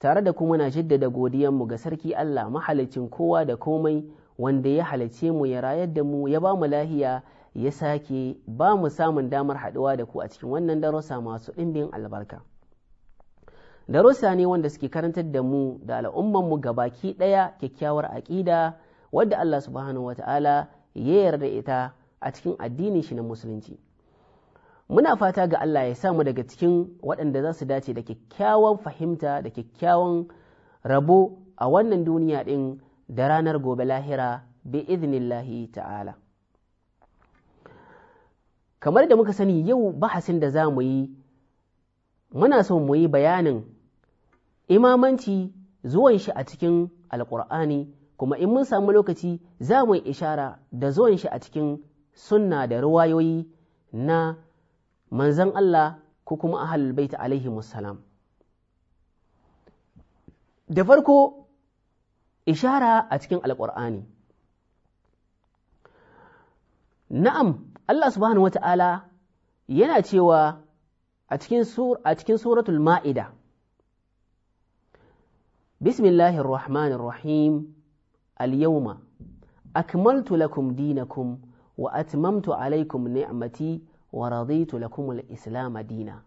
tare da kuma na jaddada mu ga sarki Allah mahalicin kowa da komai wanda ya halice mu ya rayar da mu ya ba mu lahiya ya sake ba mu samun damar haɗuwa da ku a cikin wannan darussa masu ɗimbin albarka darussa ne wanda suke karantar da mu da al'umman mu ga baki ɗaya kyakkyawar aƙida wadda Allah subhanahu wata'ala ya yarda ita a cikin addinin shi na musulunci muna fata ga Allah ya samu daga cikin waɗanda za su dace da kyakkyawan fahimta da kyakkyawan rabo a wannan duniya ɗin da ranar gobe lahira bi iznillahi ta'ala kamar da muka sani yau bahasin da za mu yi muna so mu yi bayanin imamanci zuwan shi a cikin alkur'ani kuma in mun samu lokaci za mu yi ishara da zuwan shi a cikin sunna da ruwayoyi na manzan Allah ko kuma ahalul baita alaihi musallam da farko ishara a cikin alƙur'ani na'am Allah subhanahu wata'ala yana cewa a cikin suratul ma'ida bismillahir rahmanir rahim al-yawma akmaltu lakum dinakum wa atmamtu alaykum ni'mati wa raditu lakumul islam dina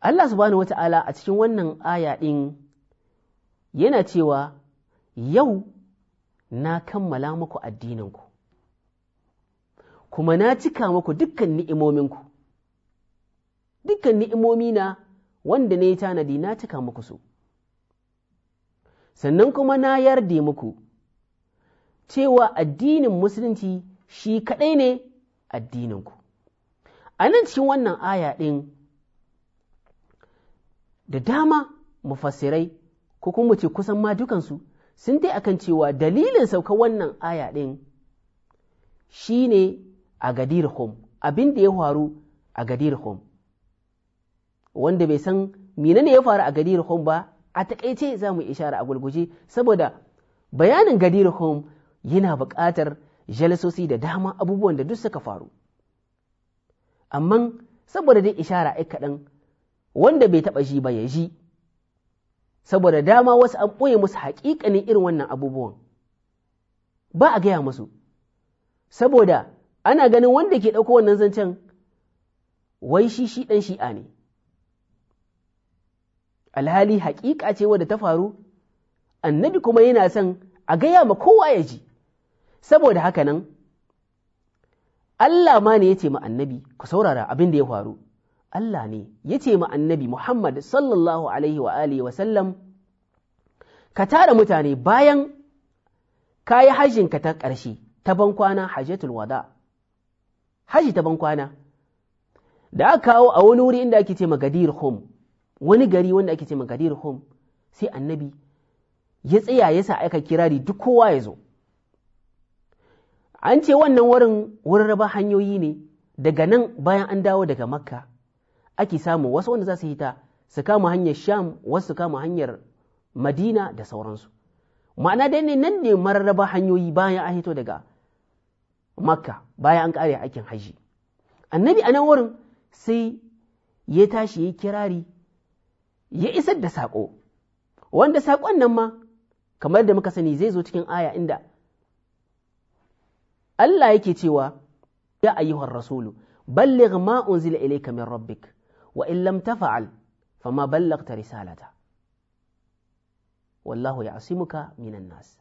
Allah subhanahu wata'ala a cikin wannan aya ɗin yana cewa yau na kammala muku addininku kuma na cika muku dukkan ni'imominku dukkan ni'imomi na wanda na yi tanadi na cika muku su sannan kuma na yarde muku cewa addinin musulunci shi kaɗai ne addininku a nan cikin wannan aya ɗin da dama mufassirai ko kuma ce kusan ma dukansu sun dai akan cewa dalilin sauka wannan aya ɗin shi ne a gadirhum abin da ya faru a hom. wanda bai san ne ya faru a gadirhum ba a taƙaice za mu ishara a gulguje saboda bayanin hom yana buƙatar jalisosi da dama abubuwan da duk suka faru amma saboda dai ishara ai kaɗan wanda bai taɓa ji ba ya ji saboda dama wasu an ɓoye musu haƙiƙanin irin wannan abubuwan ba a gaya musu saboda ana ganin wanda ke ɗauko wannan zancen wai shi shi ɗan shi'a ne alhali haƙiƙa ce wadda ta faru annabi kuma yana son a gaya ma kowa ya ji saboda haka nan Allah ma ne ya ce ma annabi ku saurara abin da ya faru Allah ne ya ce ma annabi Muhammad sallallahu alaihi wa alihi wa sallam ka tara mutane bayan ka yi hajjinka ta ƙarshe ta bankwana hajjatul wada haji ta bankwana da aka kawo a wani wuri inda ake ce magadir hum wani gari wanda ake ce magadir hum sai annabi ya tsaya ya sa aka kirari duk kowa ya zo an ce wannan wurin wurin raba hanyoyi ne daga nan bayan an dawo daga makka ake samu wasu wanda za su hita su kama hanyar sham wasu kama hanyar madina da sauransu ma'ana dai ne nan ne mararraba hanyoyi bayan an hito daga makka bayan an kare aikin haji annabi a nan wurin sai ya tashi ya kirari ya isar da saƙo wanda saƙon nan ma kamar da muka sani zai zo cikin aya inda Allah yake cewa ya ayyuhar rasulu balligh ma unzila ilayka min rabbik wa in lam tafa'al fama ballaghta risalata wallahu ya'simuka minan nas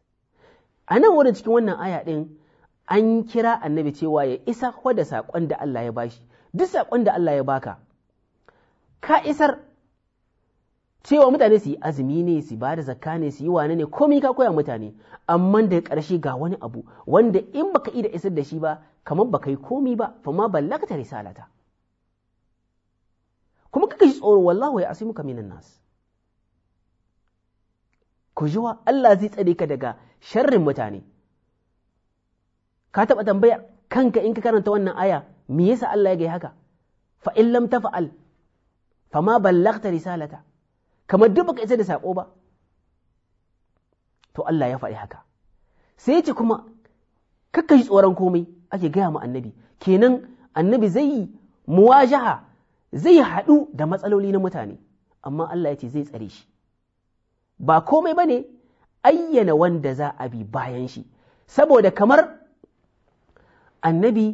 anan wurin cikin wannan aya din an kira annabi cewa ya isa da saƙon da Allah ya bashi duk saƙon da Allah ya baka ka isar cewa mutane su yi azumi ne su ba da zakka ne su yi wane ne komai ka koya mutane amma da ƙarshe ga wani abu wanda in baka yi da isar da shi ba kamar baka yi komai ba fa ma ta risalata kuma kaka ji tsoro wallahu ya asimuka minan nas ku jiwa Allah zai tsare ka daga sharrin mutane ka taba tambaya kanka in ka karanta wannan aya me yasa Allah ya ga haka fa in lam tafa'al fa ma ballagta risalata kamar duk baka isa da sako ba to Allah ya faɗi haka sai ce kuma kakka yi tsoron komai ake gaya ma annabi kenan annabi zai yi muwajaha zai haɗu da matsaloli na mutane amma Allah ya ce zai tsare shi ba komai ba ne ayyana wanda za a bi bayan shi saboda kamar annabi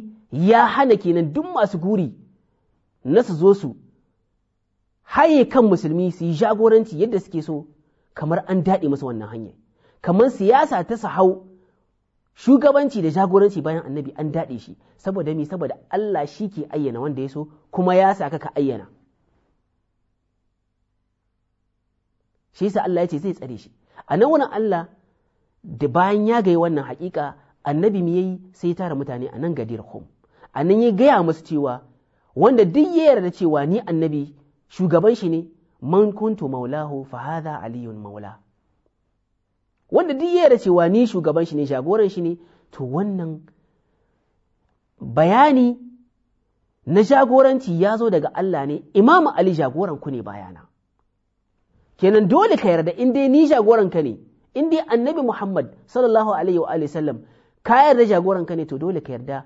ya hana kenan duk masu guri na su zo su haye kan musulmi su yi jagoranci yadda suke so kamar an daɗe masa wannan hanyar kamar siyasa ta sahau shugabanci da jagoranci bayan annabi an daɗe shi saboda mi saboda Allah shi ke ayyana wanda ya so kuma ya saka ka ayyana shi sa Allah ya ce zai tsare shi a nan wurin Allah da bayan ya gayi wannan hakika annabi mi yayi sai ya tara mutane a nan gadir hum a nan ya gaya musu cewa wanda duk ya yarda cewa ni annabi shugaban shi ne man kuntu maulahu fa hadha aliyun maula wanda duk yara cewa ni shugaban shi ne jagoran shi ne to wannan bayani na jagoranci ya zo daga Allah ne imamu ali jagoran ku ne bayana kenan dole ka yarda in dai ni jagoran ka ne in dai annabi muhammad sallallahu alaihi wa sallam ka yarda jagoran ka ne to dole ka yarda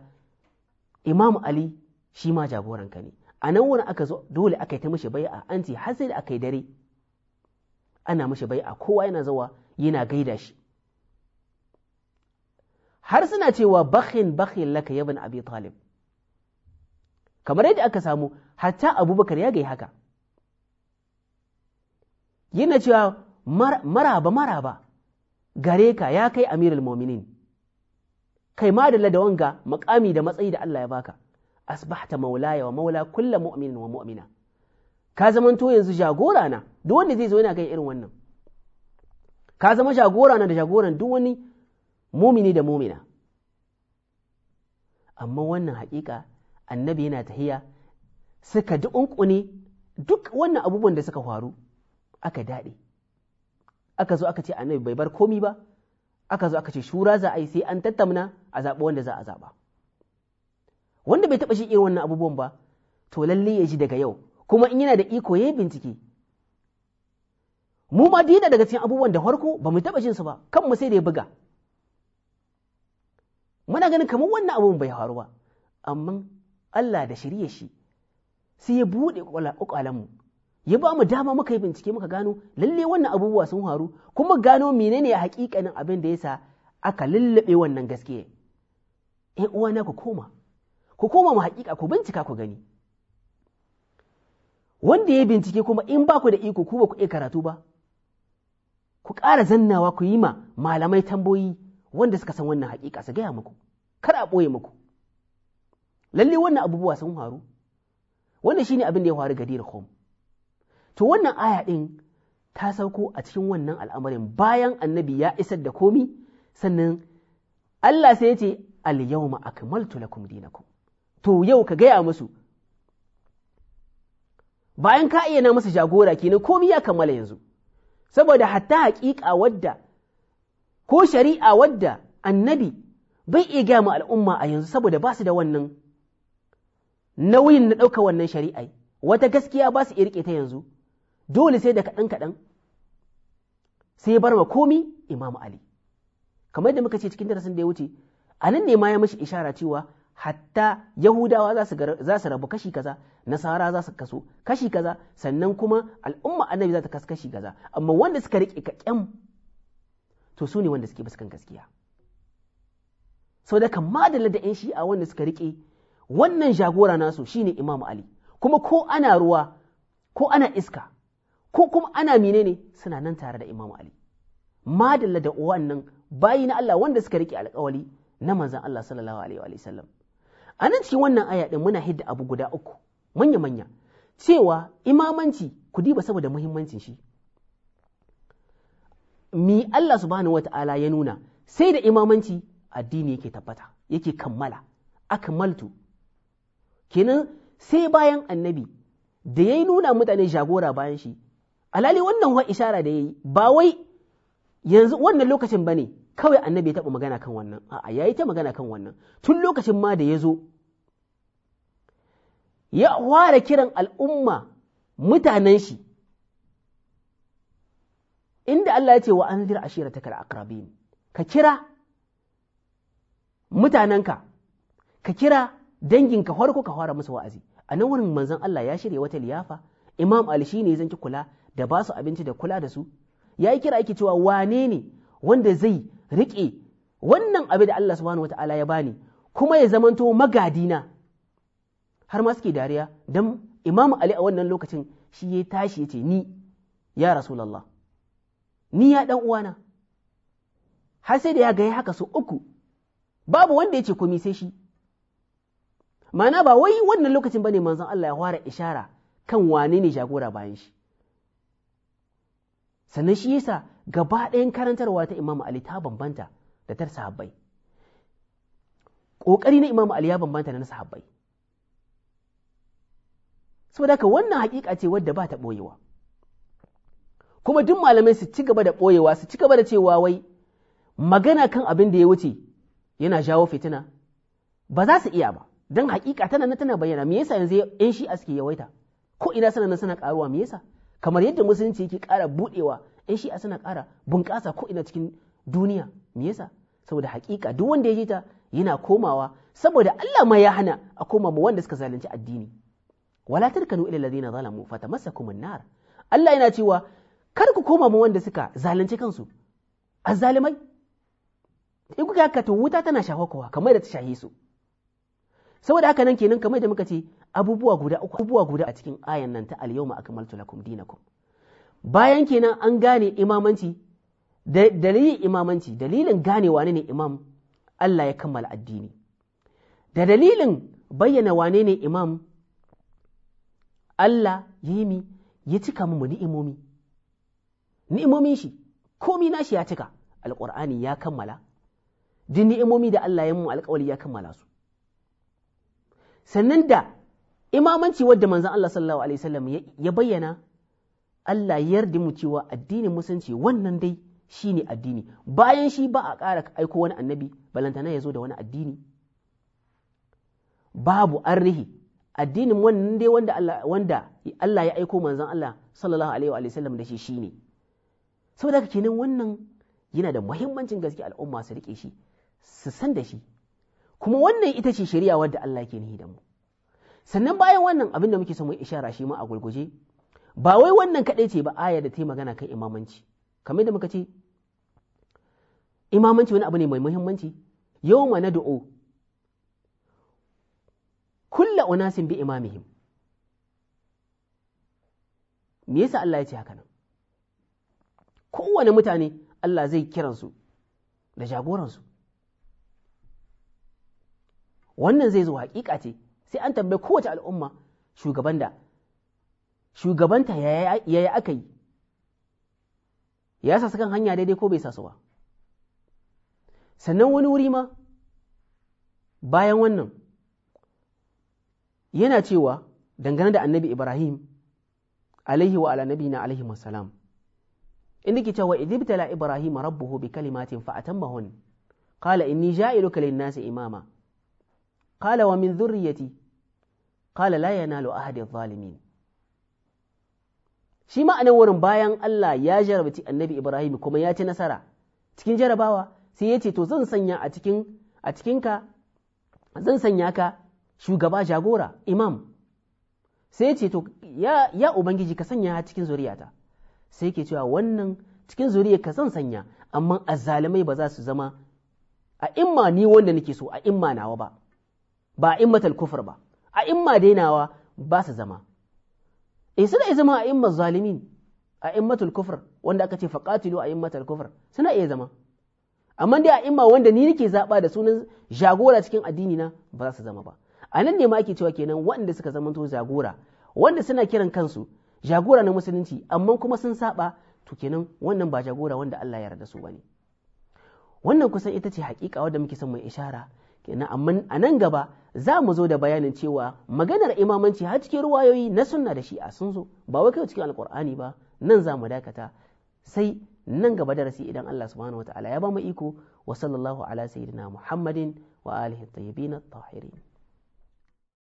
imamu ali shi ma jagoran ka ne a nan wurin aka zo dole aka yi ta mashi bai'a an ce har sai da aka yi dare ana mashi bai'a kowa yana zawa yana gaida shi har suna cewa bakhin bakhin laka yabin abi talib kamar yadda aka samu hatta abubakar ya gai haka yana cewa maraba maraba gare ka ya kai amirul mominin kai ma da wanga makami da matsayi da Allah ya baka asbahta maulaya wa maula kulla mu'minin wa mu'mina ka zamanto yanzu jagora na duk wanda zai zo yana kan irin wannan ka zama jagora na da jagoran duk wani mumini da mumina amma wannan haƙiƙa annabi yana tahiya suka unkuni duk wannan abubuwan da suka faru aka daɗe aka zo aka ce annabi bai bar komi ba aka zo aka ce shura za a yi sai an tattauna a zaɓi wanda za a zaɓa wanda bai taɓa shi irin wannan abubuwan ba to lalle ya ji daga yau kuma in yana da iko ya bincike mu ma dina daga cikin abubuwan da farko ba mu taɓa jinsu ba kan mu sai da ya buga muna ganin kamar wannan abubuwan bai faru ba amma Allah da shirye shi sai ya buɗe mu ya ba mu dama muka yi bincike muka gano lalle wannan abubuwa sun faru kuma gano menene hakikanin abin da yasa aka lullube wannan gaskiya uwa uwana ku koma ku koma mu haƙiƙa ku bincika ku gani wanda ya bincike kuma in ba ku da iko ku ba ku iya karatu ba ku ƙara zannawa ku yi ma malamai tamboyi wanda suka san wannan haƙiƙa su gaya muku kar a ɓoye muku lalle wannan abubuwa sun faru wannan shine abin da ya faru gadir khum to wannan aya din ta sauko a cikin wannan al'amarin bayan annabi ya isar da komi sannan Allah sai ya ce al yawma akmaltu lakum dinakum to yau ka gaya musu bayan ka iya na musu jagora kenan komi ya kammala yanzu saboda hatta haƙiƙa wadda ko shari'a wadda annabi bai iya gaya ma al'umma a yanzu saboda ba su da wannan nauyin na ɗauka wannan shari'a wata gaskiya ba su iya riƙe ta yanzu dole sai da kaɗan kaɗan sai bar ma komi imamu ali kamar da muka ce cikin darasin da ya wuce a nan ne ma ya mashi ishara cewa hatta yahudawa za su rabu kashi kaza nasara za su kaso kashi kaza sannan kuma al'umma annabi za ta kasu kashi kaza amma wanda suka riƙe kaƙen to su ne wanda suke baskan gaskiya sau da kan madalla da 'yan shi'a wanda suka riƙe wannan jagora nasu shine imam ali kuma ko ana ruwa ko ana iska ko kuma ana menene suna nan tare da imam ali madalla da wannan bayi na Allah wanda suka riƙe alƙawali na manzan Allah sallallahu alaihi wa sallam a nan cikin wannan aya ɗin muna hidda abu guda uku manya-manya cewa imamanci ku diba saboda muhimmancin shi mi Allah subhanahu wata'ala ya nuna sai da imamanci addini yake tabbata yake kammala akmaltu kenan sai bayan annabi da ya nuna mutane jagora bayan shi alali wannan wa ishara da ya yi ba wai yanzu wannan lokacin ba ne kawai annabi ya taɓa magana kan wannan a'a yayi ta magana kan wannan tun lokacin ma da ya zo ya ware kiran al'umma mutanen shi inda Allah ya ce wa anzir ashiratakal aqrabin ka kira mutanenka ka kira danginka farko ka fara musu wa'azi a nan wurin manzon Allah ya shirya wata liyafa imam ali shine zan ki kula da basu abinci da kula da su ya kira ake cewa wane ne wanda zai riƙe wannan abin da Allah subhanahu wata'ala ya bani kuma ya zamanto magadina har ma suke dariya don Imam Ali a wannan lokacin shi ya tashi ya ce ni ya Rasulallah ni ya dan uwana har sai da ya ga haka su uku babu wanda ya ce komi sai shi Mana ba wai wannan lokacin bane manzon Allah ya fara ishara kan wane ne jagora bayan shi sannan shi yasa gaba ɗayan karantarwa ta Imam Ali ta bambanta da ta sahabbai ƙoƙari na Imam Ali ya bambanta da na sahabbai saboda ka wannan hakika ce wadda ba ta ɓoyewa kuma duk malamai su ci gaba da ɓoyewa su ci gaba da cewa wai magana kan abin da ya wuce yana jawo fitina ba za su iya ba don hakika tana na tana bayyana me yasa yanzu yan shi'a suke yawaita ko ina sanannan suna karuwa me yasa kamar yadda musulunci yake ƙara buɗewa in shi'a suna ƙara bunƙasa ko ina cikin duniya me yasa saboda haƙiƙa duk wanda ya je ta yana komawa saboda Allah ma ya hana a koma mu wanda suka zalunci addini wala tarkanu ila alladhina zalamu fatamassakum an-nar Allah yana cewa kar ku koma mu wanda suka zalunci kansu azzalimai in kuka haka to wuta tana shafa kowa kamar da ta shahe su saboda haka nan kenan kamar da muka ce abubuwa guda uku abubuwa guda a cikin ayan nan ta al-yawma akmaltu lakum dinakum bayan kenan an gane imamanci dalilin imamanci dalilin gane wane ne imam Allah ya kammala addini da dalilin bayyana wane ne imam Allah ya yi mi ya cika mu ni'imomi Ni'imomi shi komi nashi ya cika alƙur'ani ya kammala duk ni'imomi da Allah ya mu alƙawari ya kammala su sannan da imamanci wadda manzon Allah sallallahu alaihi wasallam ya bayyana Allah yarda mu cewa addinin musulunci wannan dai shi addini bayan shi ba a ƙara aiko wani annabi balantana ya zo da wani addini babu arrihi addinin wannan dai wanda Allah wanda Allah ya aiko manzon Allah sallallahu alaihi wa sallam da shi shine saboda haka kenan wannan yana da muhimmancin gaske al'umma su rike shi su san da shi kuma wannan ita ce shari'a wadda Allah ke nihi da mu sannan bayan wannan abin da muke so mu ishara shi ma a gurguje ba wai wannan kaɗai ce ba aya da ta yi magana kan imamanci kamar da muka ce imamanci wani abu ne mai muhimmanci yau ma na du'o kulla unasin bi imamihim me yasa Allah ya ce haka nan kowane mutane Allah zai kiransu da jagoransu wannan zai zo hakika ce sai an tambaye kowace al'umma shugaban da shugabanta yaya aka yi ya sa kan hanya daidai ko bai sa su ba sannan wani wuri ma bayan wannan yana cewa dangane da annabi ibrahim alaihi wa ala nabina alaihi wasalam inda ke cewa idibtala ibrahim rabbuhu bi kalimatin fa atammahun kala inni ja'iluka kalin nasi imama Kala wa min dhurriyyati Kala la yanalu ahadi adh shi ma'anin wurin bayan Allah ya jarabci annabi Ibrahim kuma ya ci nasara cikin jarabawa sai ya ce to zan sanya a cikin a cikinka zan sanya ka shugaba jagora imam sai ya ce to ya, ya ubangiji ka sanya a cikin zuriyata sai yake cewa wannan cikin zuriyar ka zan sanya amma azzalimai ba za su zama a imma ni wanda nake so a imma nawa ba ba a immatal kufur ba a imma dainawa ba su zama eh suna iya zama a imma zalimi a immatul kufr wanda aka ce faqatilu a immatul kufr suna iya zama amma dai a imma wanda ni nake zaɓa da sunan jagora cikin addini na ba za su zama ba a nan ne ma ake cewa kenan waɗanda suka zamanto jagora wanda suna kiran kansu jagora na musulunci amma kuma sun saɓa to kenan wannan ba jagora wanda Allah ya yarda su bane wannan kusan ita ce haƙiƙa wadda muke son mai ishara kenan amma a nan gaba za mu zo da bayanin cewa maganar imamanci har cikin ruwayoyi na sunna da shi'a sun zo ba wai kai cikin alkur'ani ba nan za mu dakata sai nan gaba darasi idan Allah subhanahu wataala ya ba mu iko wa sallallahu ala sayyidina muhammadin wa alihi tayyibin tahirin